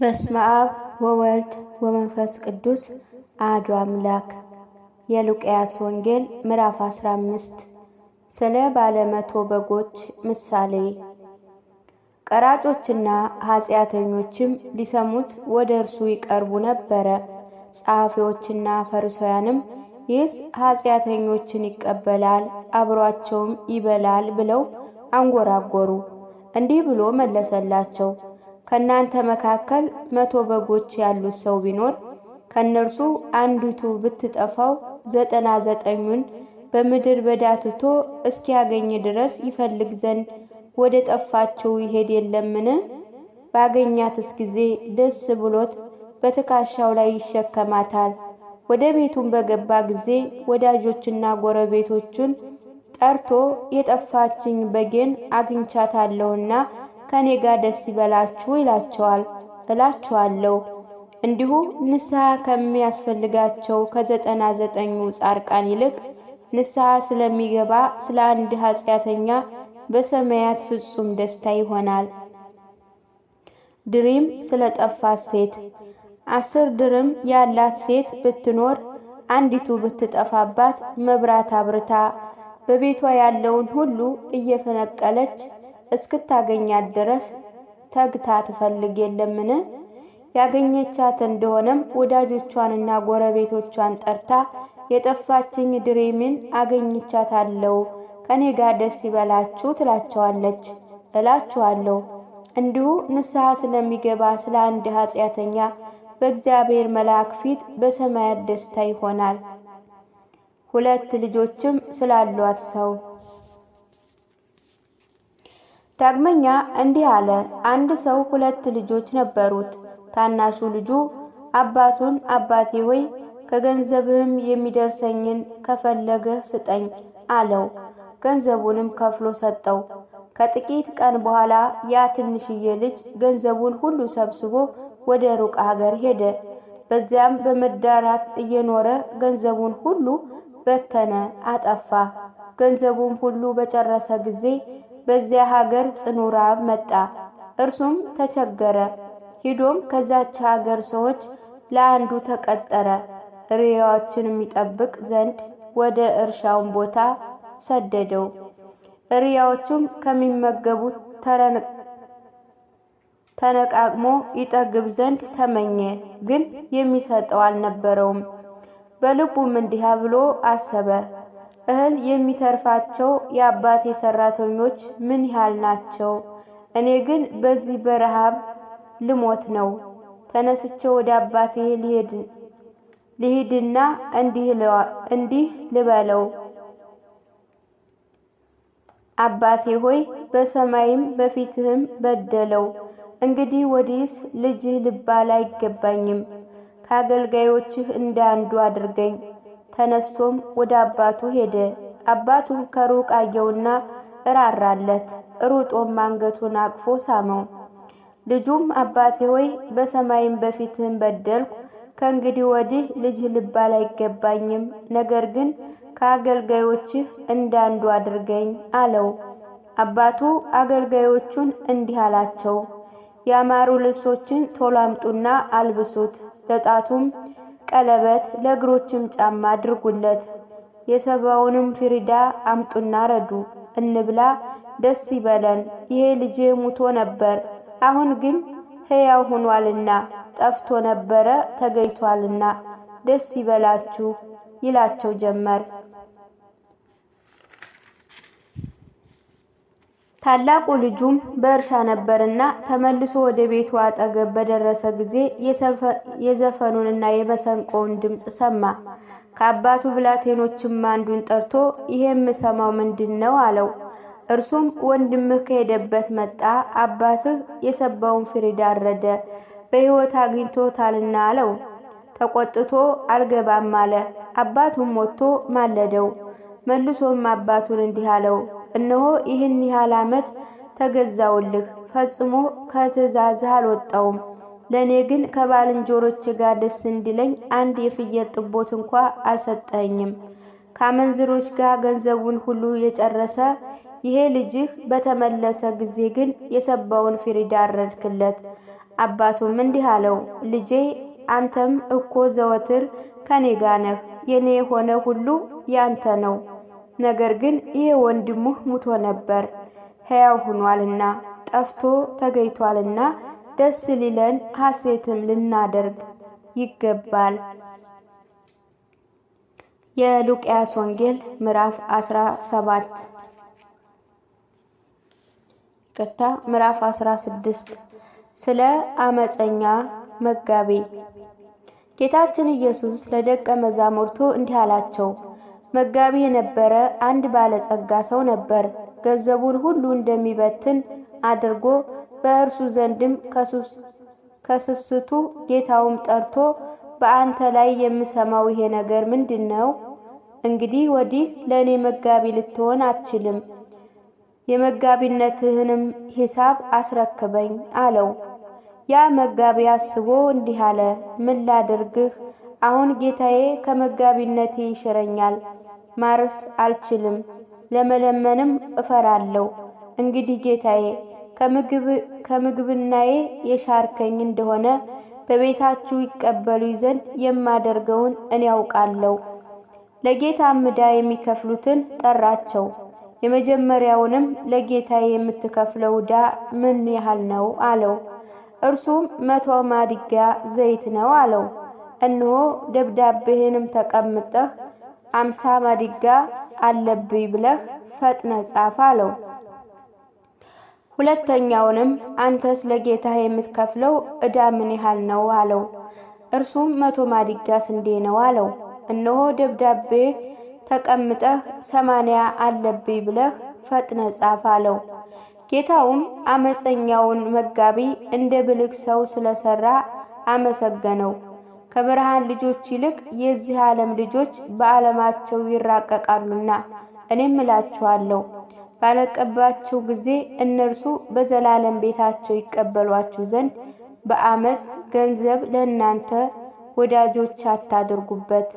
በስመ አብ ወወልድ ወመንፈስ ቅዱስ አሐዱ አምላክ። የሉቃስ ወንጌል ምዕራፍ 15 ስለ ባለ መቶ በጎች ምሳሌ። ቀራጮችና ኃጢአተኞችም ሊሰሙት ወደ እርሱ ይቀርቡ ነበረ። ጸሐፊዎችና ፈሪሳውያንም ይህስ ኃጢአተኞችን ይቀበላል፣ አብሯቸውም ይበላል ብለው አንጎራጎሩ። እንዲህ ብሎ መለሰላቸው ከእናንተ መካከል መቶ በጎች ያሉት ሰው ቢኖር ከእነርሱ አንዲቱ ብትጠፋው ዘጠና ዘጠኙን በምድር በዳ ትቶ እስኪያገኝ ድረስ ይፈልግ ዘንድ ወደ ጠፋችው ይሄድ የለምን? ባገኛትስ ጊዜ ደስ ብሎት በትከሻው ላይ ይሸከማታል። ወደ ቤቱም በገባ ጊዜ ወዳጆችና ጎረቤቶቹን ጠርቶ የጠፋችኝ በጌን አግኝቻታለሁና ከእኔ ጋር ደስ ይበላችሁ ይላቸዋል እላችኋለሁ። እንዲሁ ንስሐ ከሚያስፈልጋቸው ከዘጠና ዘጠኙ ጻድቃን ይልቅ ንስሐ ስለሚገባ ስለ አንድ ኃጢአተኛ በሰማያት ፍጹም ደስታ ይሆናል። ድሪም ጠፋት ሴት አስር ድርም ያላት ሴት ብትኖር አንዲቱ ብትጠፋባት መብራት አብርታ በቤቷ ያለውን ሁሉ እየፈነቀለች እስክታገኛት ድረስ ተግታ ትፈልግ የለምን? ያገኘቻት እንደሆነም ወዳጆቿንና ጎረቤቶቿን ጠርታ የጠፋችኝ ድሪምን አገኝቻታለሁ፣ ከኔ ጋር ደስ ይበላችሁ ትላቸዋለች። እላችኋለሁ እንዲሁ ንስሐ ስለሚገባ ስለ አንድ ኃጢአተኛ በእግዚአብሔር መልአክ ፊት በሰማያት ደስታ ይሆናል። ሁለት ልጆችም ስላሏት ሰው ዳግመኛ እንዲህ አለ። አንድ ሰው ሁለት ልጆች ነበሩት። ታናሹ ልጁ አባቱን አባቴ ሆይ ከገንዘብህም የሚደርሰኝን ከፈለገህ ስጠኝ አለው። ገንዘቡንም ከፍሎ ሰጠው። ከጥቂት ቀን በኋላ ያ ትንሽዬ ልጅ ገንዘቡን ሁሉ ሰብስቦ ወደ ሩቅ ሀገር ሄደ። በዚያም በመዳራት እየኖረ ገንዘቡን ሁሉ በተነ፣ አጠፋ። ገንዘቡም ሁሉ በጨረሰ ጊዜ በዚያ ሀገር ጽኑ ራብ መጣ። እርሱም ተቸገረ። ሂዶም ከዛች ሀገር ሰዎች ለአንዱ ተቀጠረ፣ እሪያዎችን የሚጠብቅ ዘንድ ወደ እርሻውን ቦታ ሰደደው። እርያዎቹም ከሚመገቡት ተነቃቅሞ ይጠግብ ዘንድ ተመኘ፣ ግን የሚሰጠው አልነበረውም። በልቡም እንዲህ ብሎ አሰበ እህል የሚተርፋቸው የአባቴ ሰራተኞች ምን ያህል ናቸው? እኔ ግን በዚህ በረሃብ ልሞት ነው። ተነስቼ ወደ አባቴ ልሂድና እንዲህ ልበለው፣ አባቴ ሆይ በሰማይም በፊትህም በደለው። እንግዲህ ወዲህስ ልጅህ ልባል አይገባኝም። ከአገልጋዮችህ እንደ አንዱ አድርገኝ። ተነስቶም ወደ አባቱ ሄደ። አባቱም ከሩቅ አየውና እራራለት። ሩጦም አንገቱን አቅፎ ሳመው። ልጁም አባቴ ሆይ በሰማይም በፊትህም በደልኩ፣ ከእንግዲህ ወዲህ ልጅህ ልባል አይገባኝም። ነገር ግን ከአገልጋዮችህ እንዳንዱ አድርገኝ አለው። አባቱ አገልጋዮቹን እንዲህ አላቸው፣ ያማሩ ልብሶችን ቶሎ አምጡና አልብሱት፣ ለጣቱም ቀለበት ለእግሮችም ጫማ አድርጉለት። የሰባውንም ፍሪዳ አምጡና ረዱ፣ እንብላ፣ ደስ ይበለን። ይሄ ልጄ ሙቶ ነበር፣ አሁን ግን ሕያው ሆኗልና፣ ጠፍቶ ነበረ፣ ተገኝቷልና፣ ደስ ይበላችሁ ይላቸው ጀመር። ታላቁ ልጁም በእርሻ ነበርና ተመልሶ ወደ ቤቱ አጠገብ በደረሰ ጊዜ የዘፈኑንና የመሰንቆውን ድምፅ ሰማ። ከአባቱ ብላቴኖችም አንዱን ጠርቶ ይሄ የምሰማው ምንድን ነው? አለው። እርሱም ወንድምህ ከሄደበት መጣ፣ አባትህ የሰባውን ፍሪዳ አረደ፣ በሕይወት አግኝቶታልና አለው። ተቆጥቶ አልገባም አለ። አባቱም ወጥቶ ማለደው። መልሶም አባቱን እንዲህ አለው፣ እነሆ ይህን ያህል ዓመት ተገዛውልህ፣ ፈጽሞ ከትእዛዝህ አልወጣውም። ለእኔ ግን ከባልንጀሮቼ ጋር ደስ እንዲለኝ አንድ የፍየል ጥቦት እንኳ አልሰጠኝም። ከአመንዝሮች ጋር ገንዘቡን ሁሉ የጨረሰ ይሄ ልጅህ በተመለሰ ጊዜ ግን የሰባውን ፊሪዳ አረድክለት። አባቱም እንዲህ አለው፣ ልጄ አንተም እኮ ዘወትር ከኔ ጋር ነህ፣ የኔ የሆነ ሁሉ ያንተ ነው። ነገር ግን ይሄ ወንድምህ ሙቶ ነበር ሕያው ሆኗልና ጠፍቶ ተገኝቷልና ደስ ሊለን ሐሴትም ልናደርግ ይገባል። የሉቅያስ ወንጌል ምዕራፍ 17 ይቅርታ ምዕራፍ 16 ስለ አመፀኛ መጋቢ ጌታችን ኢየሱስ ለደቀ መዛሙርቱ እንዲህ አላቸው መጋቢ የነበረ አንድ ባለጸጋ ሰው ነበር። ገንዘቡን ሁሉ እንደሚበትን አድርጎ በእርሱ ዘንድም ከስስቱ ጌታውም ጠርቶ በአንተ ላይ የምሰማው ይሄ ነገር ምንድን ነው? እንግዲህ ወዲህ ለእኔ መጋቢ ልትሆን አትችልም፣ የመጋቢነትህንም ሂሳብ አስረክበኝ አለው። ያ መጋቢ አስቦ እንዲህ አለ፣ ምን ላድርግህ? አሁን ጌታዬ ከመጋቢነቴ ይሽረኛል ማረስ አልችልም፣ ለመለመንም እፈራለሁ። እንግዲህ ጌታዬ ከምግብናዬ የሻርከኝ እንደሆነ በቤታችሁ ይቀበሉኝ ዘንድ የማደርገውን እኔ ያውቃለሁ። ለጌታ ዕዳ የሚከፍሉትን ጠራቸው። የመጀመሪያውንም ለጌታዬ የምትከፍለው ዕዳ ምን ያህል ነው አለው። እርሱም መቶ ማድጋ ዘይት ነው አለው። እነሆ ደብዳቤህንም ተቀምጠህ አምሳ ማድጋ አለብኝ ብለህ ፈጥነ ጻፍ አለው። ሁለተኛውንም አንተስ ለጌታህ የምትከፍለው እዳ ምን ያህል ነው አለው። እርሱም መቶ ማድጋ ስንዴ ነው አለው። እነሆ ደብዳቤ ተቀምጠህ ሰማንያ አለብኝ ብለህ ፈጥነ ጻፍ አለው። ጌታውም አመፀኛውን መጋቢ እንደ ብልግ ሰው ስለሰራ አመሰገነው። ከብርሃን ልጆች ይልቅ የዚህ ዓለም ልጆች በዓለማቸው ይራቀቃሉና እኔም እላችኋለሁ ባለቀባቸው ጊዜ እነርሱ በዘላለም ቤታቸው ይቀበሏችሁ ዘንድ በአመፅ ገንዘብ ለእናንተ ወዳጆች አታድርጉበት።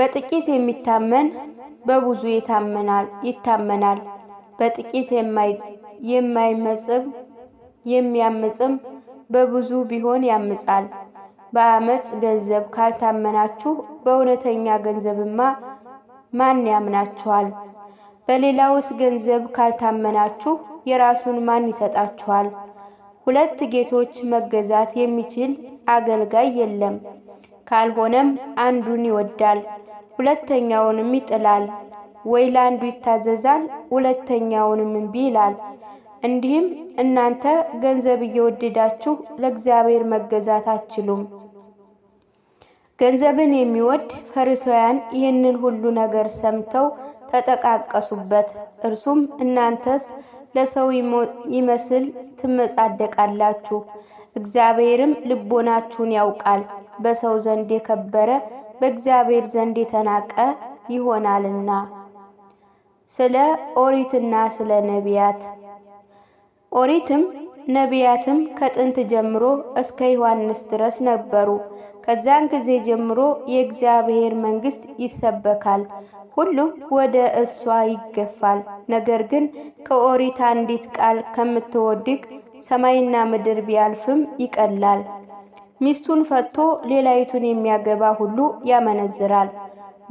በጥቂት የሚታመን በብዙ ይታመናል ይታመናል። በጥቂት የማይመጽም የሚያምጽም በብዙ ቢሆን ያምጻል። በአመፅ ገንዘብ ካልታመናችሁ በእውነተኛ ገንዘብማ ማን ያምናችኋል? በሌላውስ ገንዘብ ካልታመናችሁ የራሱን ማን ይሰጣችኋል? ሁለት ጌቶች መገዛት የሚችል አገልጋይ የለም። ካልሆነም አንዱን ይወዳል፣ ሁለተኛውንም ይጥላል፣ ወይ ለአንዱ ይታዘዛል፣ ሁለተኛውንም እምቢ ይላል። እንዲህም እናንተ ገንዘብ እየወደዳችሁ ለእግዚአብሔር መገዛት አትችሉም። ገንዘብን የሚወድ ፈሪሳውያን ይህንን ሁሉ ነገር ሰምተው ተጠቃቀሱበት። እርሱም እናንተስ ለሰው ይመስል ትመጻደቃላችሁ፣ እግዚአብሔርም ልቦናችሁን ያውቃል። በሰው ዘንድ የከበረ በእግዚአብሔር ዘንድ የተናቀ ይሆናልና። ስለ ኦሪትና ስለ ነቢያት ኦሪትም ነቢያትም ከጥንት ጀምሮ እስከ ዮሐንስ ድረስ ነበሩ። ከዚያን ጊዜ ጀምሮ የእግዚአብሔር መንግስት ይሰበካል፣ ሁሉም ወደ እሷ ይገፋል። ነገር ግን ከኦሪት አንዲት ቃል ከምትወድቅ ሰማይና ምድር ቢያልፍም ይቀላል። ሚስቱን ፈቶ ሌላይቱን የሚያገባ ሁሉ ያመነዝራል።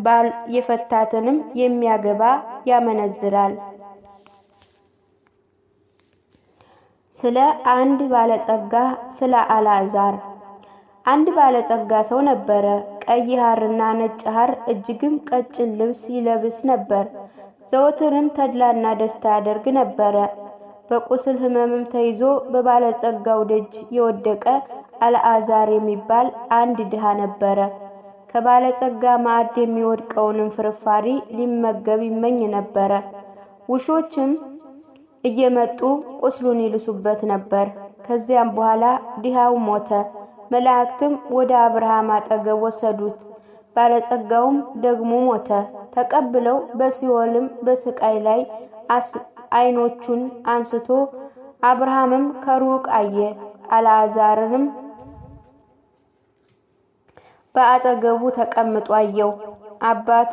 ባል የፈታትንም የሚያገባ ያመነዝራል። ስለ አንድ ባለጸጋ ስለ አልዓዛር። አንድ ባለጸጋ ሰው ነበረ። ቀይ ሐርና ነጭ ሐር እጅግም ቀጭን ልብስ ይለብስ ነበር። ዘወትርም ተድላና ደስታ ያደርግ ነበረ። በቁስል ሕመምም ተይዞ በባለጸጋው ደጅ የወደቀ አልዓዛር የሚባል አንድ ድሃ ነበረ። ከባለጸጋ ማዕድ የሚወድቀውንም ፍርፋሪ ሊመገብ ይመኝ ነበረ። ውሾችም እየመጡ ቁስሉን ይልሱበት ነበር። ከዚያም በኋላ ድሃው ሞተ። መላእክትም ወደ አብርሃም አጠገብ ወሰዱት። ባለጸጋውም ደግሞ ሞተ። ተቀብለው በሲኦልም በስቃይ ላይ አይኖቹን አንስቶ አብርሃምም ከሩቅ አየ። አልዓዛርንም በአጠገቡ ተቀምጦ አየው። አባት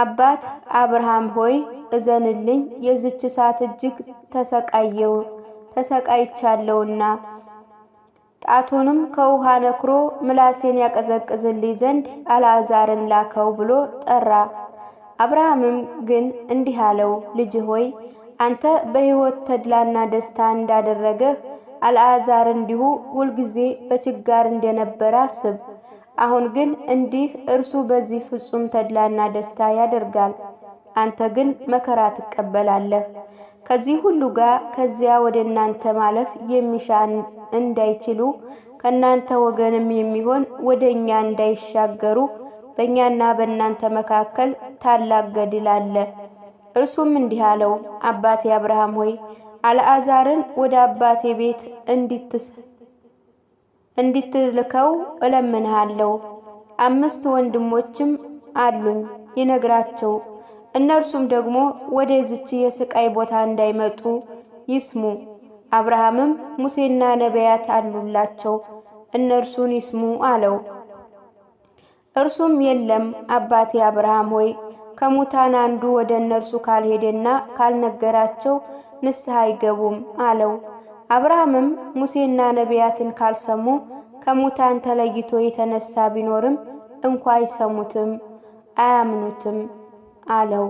አባት አብርሃም ሆይ እዘንልኝ፣ የዚች ሰዓት እጅግ ተሰቃየው ተሰቃይቻለውና ጣቱንም ከውሃ ነክሮ ምላሴን ያቀዘቅዝልኝ ዘንድ አልዓዛርን ላከው ብሎ ጠራ። አብርሃምም ግን እንዲህ አለው፣ ልጅ ሆይ አንተ በሕይወት ተድላና ደስታ እንዳደረገህ አልዓዛር እንዲሁ ሁልጊዜ በችጋር እንደነበረ አስብ። አሁን ግን እንዲህ እርሱ በዚህ ፍጹም ተድላና ደስታ ያደርጋል፣ አንተ ግን መከራ ትቀበላለህ። ከዚህ ሁሉ ጋር ከዚያ ወደ እናንተ ማለፍ የሚሻ እንዳይችሉ ከእናንተ ወገንም የሚሆን ወደ እኛ እንዳይሻገሩ በእኛና በእናንተ መካከል ታላቅ ገድል አለ። እርሱም እንዲህ አለው፣ አባቴ አብርሃም ሆይ አልአዛርን ወደ አባቴ ቤት እንዲትስ እንድትልከው እለምንሃለሁ። አምስት ወንድሞችም አሉኝ ይነግራቸው። እነርሱም ደግሞ ወደዚች የስቃይ ቦታ እንዳይመጡ ይስሙ። አብርሃምም ሙሴና ነቢያት አሉላቸው፣ እነርሱን ይስሙ አለው። እርሱም የለም አባቴ አብርሃም ሆይ ከሙታን አንዱ ወደ እነርሱ ካልሄደና ካልነገራቸው ንስሐ አይገቡም አለው። አብርሃምም ሙሴና ነቢያትን ካልሰሙ ከሙታን ተለይቶ የተነሳ ቢኖርም እንኳ አይሰሙትም፣ አያምኑትም አለው።